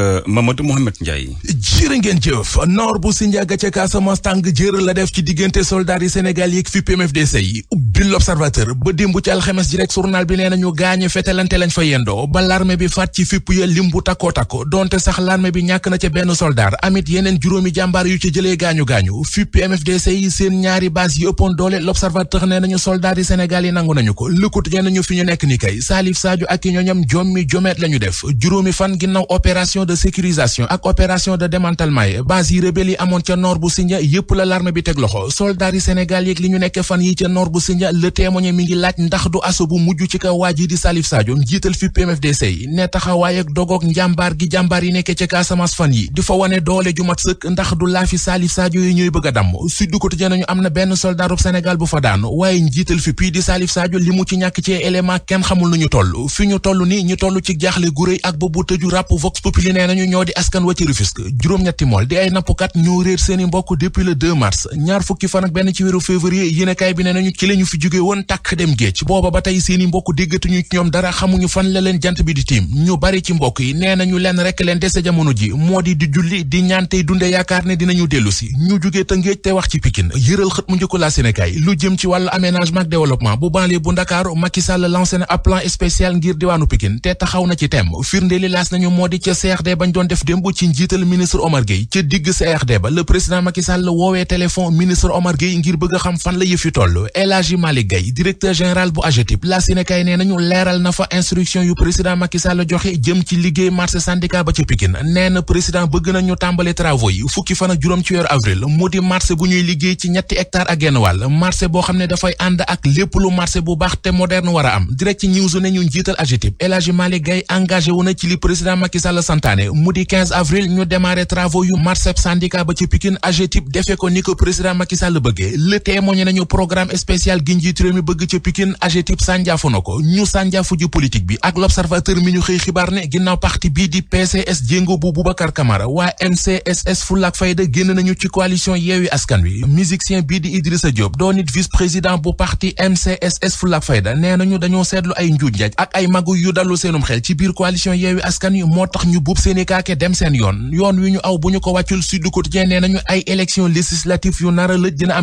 Euh, Mamadou Mouhamed Ndiaye. jërë ngeen jëf noor bu si njàgg ca Casamance tàng jër la def ci diggante soldat yi Sénégal yi ak fi PMFDC yi. ubbi l'observateur ba démb ci alxames ji rek journal bi nee nañu gaañu fetelante lañ fa yendoo ba l'armée bi faat ci fipp ya lim bu takkoo takko sax l'armée bi ñàkk na ca benn soldat amit yeneen juróomi jàmbaar yu ci jëlee gaañu-gaañu fippi MFDC yi seen ñaari base yi ëppoon doole l'observateur nee nañu soldat yi Sénégal yi nangu nañu ko lëkkut nee nañu fi ñu nekk ni kay Salif Sadio ak i ñoñam jommi jomeet la ñu def juróomi fan ginnaaw opération de sécurisation ak opération de démantèlement yi base yi rebelle yi amoon ca nord bu Sindia la l'armée bi teg loxo soldat yi Sénégal yeeg ñu nekk fan yi quotidien le témoin mi ngi laaj ndax du aso bu mujj ci kaw waa ji di Salif Sadio njiital fi PMFDC yi ne taxawaay ak dogoog njàmbaar gi jàmbaar yi nekkee ca Casamance fan yi di fa wone doole ju mat sëkk ndax du laa fi Salif Sadio yi ñooy bëgg a damm Sud Quotidien nañu am na benn soldaarub Sénégal bu fa daanu waaye njiital fi pii di Salif Sadio li mu ci ñàkk ci élément kenn xamul nu ñu toll fi ñu toll ni ñu toll ci jaaxle gu ak boobu tëju ràpp Vox Populi nee nañu ñoo di askan wa ci Rufisque juróom-ñetti mool di ay nappkat ñoo réer seeni mbokk depuis le 2 mars fi jóge dem géej booba ba tey seeni mbokk déggatuñu ci ñoom dara xamuñu fan la leen jant bi di tiim ñu bari ci mbokk yi nee nañu leen rek leen dese jamono ji moo di di julli di ñaan tey dunde yaakaar ne dinañu dellu si ñu jóge te ngéej te wax ci Pikine yëral xët mu njëkk la Sénégal lu jëm ci wàllu aménagement ak développement bu banlieue bu Ndakaaru Macky Sall lancé na ab plan spécial ngir diwaanu Pikine te taxaw na ci tem firnde li laas nañu moo di ca doon def démb ci njiital ministre Omar Gueye ca digg CRD ba le président Macky Sall woowee téléphone ministre Omar Gueye ngir bëgg a xam fan la yëf yi Malick Gaye directeur général bu AGETIP la Sénégal nee nañu leeral na fa instruction yu président Macky Sall joxe jëm ci liggéey marché syndicat ba ca Pikine nee na président bëgg na ñu travaux yi fukki fan juróom ci weeru avril mu di marché bu ñuy liggéey ci ñetti hectare ak genn wàll boo xam ne dafay ànd ak lépp lu marché bu baax te moderne war a am direct ci news ne ñu njiital AGETIP El Hadji Malick Gaye engagé wu na ci li président Macky Sall santaane gi njiit réew mi bëgg ca Pikine AGETIP sànjaafu na ko ñu sànjaafu ji politique bi ak l'observateur mi ñu xëy xibaar ne ginnaaw parti bii di PCS jéngo bu Boubacar Camara waa MCSS Fulak Fayda génn nañu ci coalition Yewwi Askan Wi musicien bii di Idrissa Diop doon it vice président bu parti MCSS Fulak Fayda nee nañu dañoo seetlu ay njuuj njaaj ak ay magu yu dallu seenum xel ci biir coalition Yewwi Askan Wi moo tax ñu buub seeni kaake dem seen yoon a lëj dina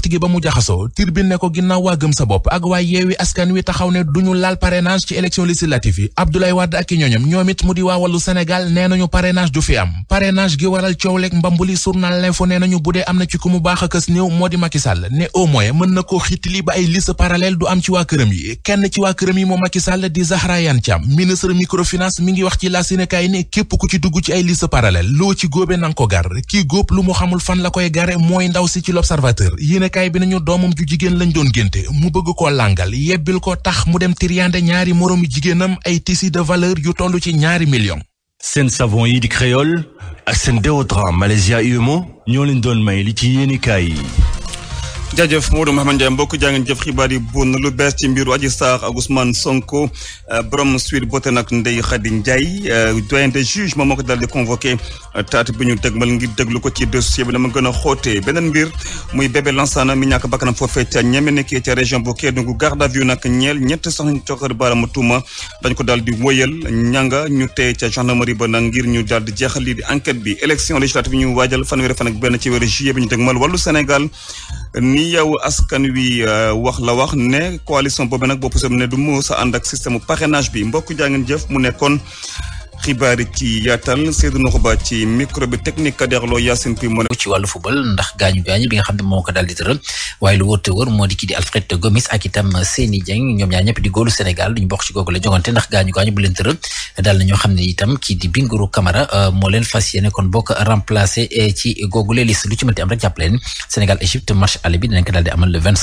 waxtu gi ba mu jaxasoo tir ko ginnaaw waa gëm sa bopp ak waa yeewi askan wi taxaw ne duñu laal parrainage ci élection législative yi Abdoulaye Wade ak i ñooñam ñoom it mu di waa wàllu Sénégal nee nañu parrainage du fi am parrainage gi waral coow leeg mbambuli journal l'info nee nañu bu dee am na ci ku mu baax a kës néew moo di Macky Sall ne au moins mën na koo xiitali ba ay liste parallèle du am ci waa këram yi kenn ci waa këram yi moom Macky Sall di Zahra Iyane Thiam ministre microfinance mi ngi wax ci la Sénégal ne ku ci dugg ci ay liste parallèle loo ci góobe nanga lu mu xamul fan la koy gare mooy ndaw si ci yéenekaay bi nañu doomam ju jigéen lañ doon génte mu bëgg koo làngal yebbil ko tax mu dem tiriande ñaari moroomi jigéenam ay tissus de valeur yu toll ci ñaari millions. seen savon yi di créole ak seen déodorant Malaysia Umo ñoo leen doon may li ci yéenekaay yi jaajëf Modou Mouhamed Ndiaye mbokk jaa ngeen jëf xibaar yi bon lu bees ci mbiru Adji Sarr ak Ousmane Sonko euh, borom suite boote nag Ndeye Khady Ndiaye euh, doyen de juge moom moo ko dal di convoqué euh, taat bi ñu dëgmal ngir déglu ko ci dossier bi dama gën a xóotee beneen mbir muy bébé Lansana mi ñàkk bakkanam foofee ca ñeme nekkee ca région bu Kédougou garde à vue nag ñeel ñett sax ñu coxar baaraamu tuuma dañ ko daal di wóyal ñanga ñu tey ca gendarmerie ba nag ngir ñu daal di jeexal lii di enquête bi élection législative ñu waajal fanweeri fan ak benn ci weeru juillet bi ñu dëgmal wàllu Sénégal i yow askan wi euh, wax la wax ne coalition boobu nag bopp sëb ne du mu sa ànd ak système parrainage bi mbokk jaa ngeen jëf mu nekkoon. xibaar yi ci yaatal ci micro bi technique Kader Lo Yacine Pouy mën ci wàllu football ndax gaañu gaañu bi nga xam ne moo ko daal di tëral waaye lu wóor te wóor Alfred Gomis ak itam Seny Dieng ñoom ñaar ñëpp di góolu Sénégal duñu bokk ci googu jogante ndax gaañu gaañu bu leen tëral daal na ñoo xam ne itam kii di Kamara euh, moo leen fas kon bokk remplacé euh, ci googu les listes lu ci mënti am rek jàppaleen Sénégal Égypte match aller bi dinañ ko daal di amal le vingt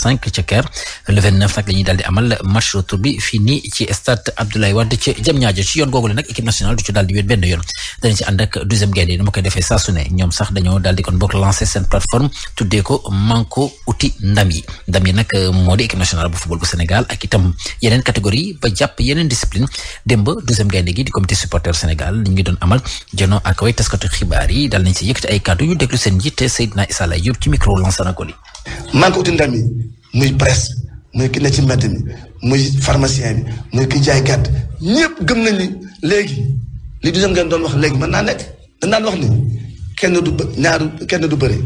cinq ci di wéet benn yoon danañ ci ànd ak deuxième gaynde yi ni koy defee saa su ñoom sax dañoo daal di kon bokk lancé seen plateforme tuddee ko manko uti ndam yi ndam euh, moo di équipe nationale bu football bu Sénégal ak itam yeneen catégorie ba jàpp yeneen discipline démb deuxième gaynde gi di comité supporter Sénégal li doon amal jono ak way xibaar yi daal nañ ci yëkkati ay kàddu yu déglu seen yi muy presse muy ki ne ci mbedd mi li deuxième ngeen doon wax léegi mën naa nekk dañ wax ni kenn du ñaar kenn du bëri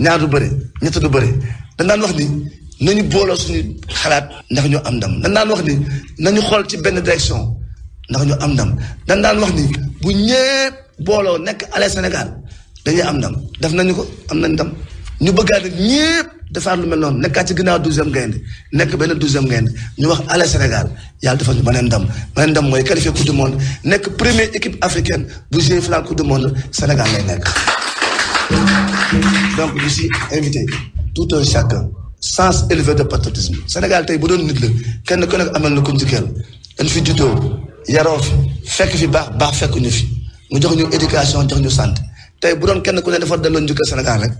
ñaar du bëri ñett du bëri dañ daan wax ni na ñu booloo suñu xalaat ndax ñu am ndam dañ daan wax ni nañu xool ci benn direction ndax ñu am ndam dañ daan wax ni bu ñëpp booloo nekk ale Sénégal dañuy am ndam def nañu ko am nañ dam ñu bëggaat nag ñëpp defaat lu mel noonu nekkaat ci ginnaaw douzième gaynde nekk benn douzième gaynde ñu wax allez Sénégal yàlla defal ñu beneen ndam beneen ndam mooy qualifié coupe du monde nekk première équipe africaine bu jouer finale coupe du monde Sénégal lay nekk. donc je suis invité tout un chacun sens élevé de patriotisme Sénégal tey bu doon nit la kenn ku nekk amal na ko njëkkeel dañ fi juddoo yaroo fi fekk fi baax baax fekk ñu fi mu jox ñu éducation jox ñu santé. tey bu doon kenn ku ne dafa delloo njukkal Sénégal rek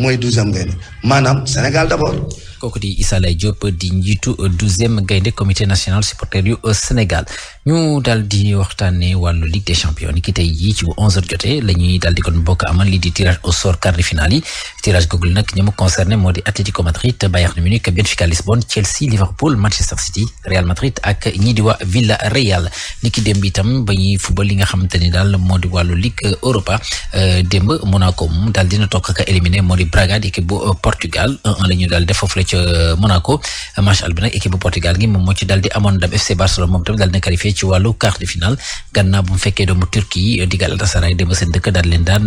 mooy douzième gaynde maanaam Sénégal d'abord kooku di Issa Lay Diop di njiitu douzième gaynde comité national supporter yu Sénégal ñu daal di waxtaanee wàllu Ligue des champions yi ci onze heures jotee la ñuy kon bokk amal lii di tirage au sort quart de finale yi tirage googu nag ñi mu concerné moo di Atlético Madrid Bayern Munich Benfica Lisbonne Chelsea Liverpool Manchester City Real Madrid ak ñii di waa Villarreal ni ki démb itam ba football li nga xamante ni daal moo di ca Monaco match al bi équipe bu Portugal gi moom moo ci daal di amoon ndam FC Barcelone moom tamit daal dina qualifié ci wàllu quart de finale gannaaw bu mu fekkee doomu Turquie di Galatasaray dem seen dëkk daal leen daan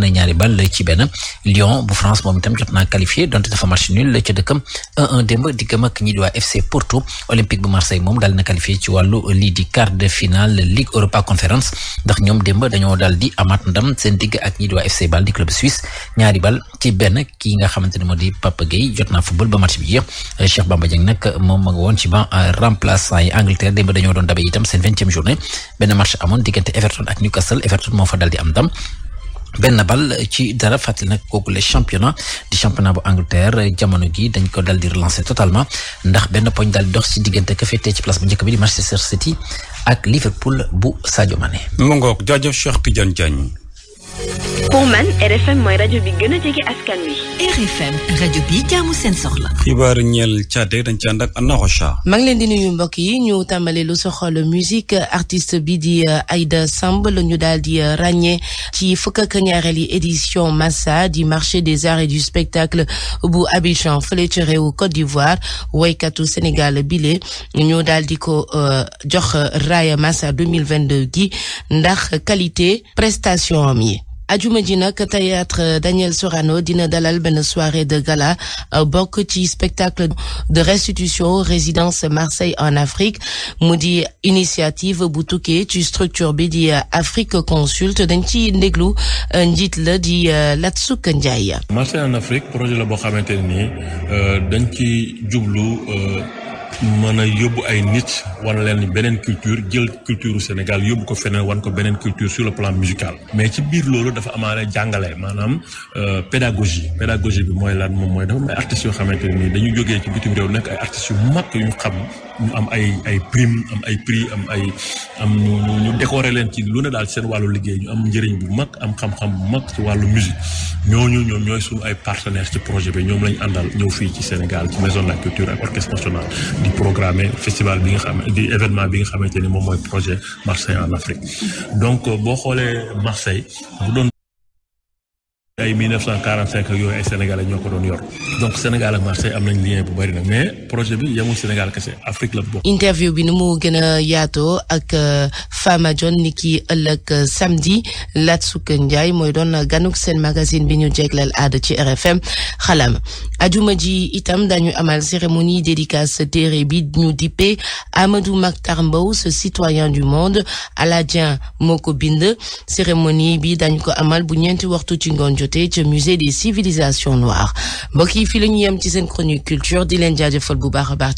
dañoo daal di amaat ndam seen digg ak ñi di waa FC Bâle di club suisse ñaari bal ci benn kii nga xamante ne moo di Papa Gueye jot naa football ba match bi jeex Cheikh Bamba Dieng moom ma nga woon ci ban euh, remplaçant yi Angleterre démb dañoo doon dabe itam seen vingtième benn match amoon diggante Everton ak Newcastle Everton moo fa dal di am ndam benn bal ci dara fàttali nag kooku championnat di championnat bu Angleterre jamono gi dañ ko dal di relancer totalement ndax benn poñ daal di dox ci diggante ka ci place bu njëkk bi di Manchester City ak Liverpool bu Sadio Mané. pour man RFM seen soxla. xibaar ñeel caate dañ ci ànd leen di nuyu mbokk yi ñu tàmbale lu soxal musique artiste bi di euh, ayda Samb lañu ñu daal di euh, ràññee ci fukk ak ñaareeli édition Massa di marché des arts et du spectacle bu Abidjan fële ci réewu Côte d'Ivoire woykatu Sénégal bile ñu daal di ko euh, jox raaya Massa 2022 gi ndax qualité prestation am yi. ajuma ji nag théâtre euh, Daniel Sorano dina dalal benn soirée de gala euh, bokk ci spectacle de restitution résidence Marseille en Afrique mu di initiative bu tukkee ci structure bi di euh, Afrique Consult dañ ci ndéglu njiit la di Latsouk Ndiaye. Marseille en mën a yóbbu ay nit wan leen beneen culture jël culture Sénégal yóbbu ko feneen wan ko beneen culture sur le plan musical mais ci biir loolu dafa amaale jàngale maanaam euh, pédagogie pédagogie bi mooy lan moom mooy dafa am yoo xamante nii dañu jógee ci bitim réew nekk ay artistes yu mag yu ñu xam am ay ay prime am ay prix am ay am ñu ñu décorer leen ci lu ne daal seen wàllu liggéey ñu am njëriñ bu mag am xam-xam mag ci wàllu musique ñooñu ñoom ñooy suñu ay partenaires ci projet bi ñoom lañ àndal ñëw fii ci Sénégal ci maison de la culture ak orchestre national di programmer festival bi nga xam di événement bi nga xamante ni moom mooy projet Marseille en Afrique donc boo xoolee Marseille bu ay 1945 ak yooyu ay sénégalais ñoo ko doon yor donc Sénégal ak Marseille am nañ lien bu bari mais projet bi yemul Sénégal kese Afrique la bokk. interview bi ni mu gën a yaatoo ak euh, Fama John ni ki ëllëg euh, samedi Latsuk njaay mooy doon ganuk seen magazine bi ñu jégleel aada ci RFM xalam ajuma ji itam dañu amal cérémonie dédicace téere bi ñu dippe Amadou Makhtar Mbow ce citoyen du monde Aladien moo ko bind cérémonie bi dañu ko amal bu ñeenti waxtu ci ngoon jotee ca musée des civilisations noires mbokk yi fii la ñu yem ci seen chronique culture di leen jaajëfal bu baax a baax.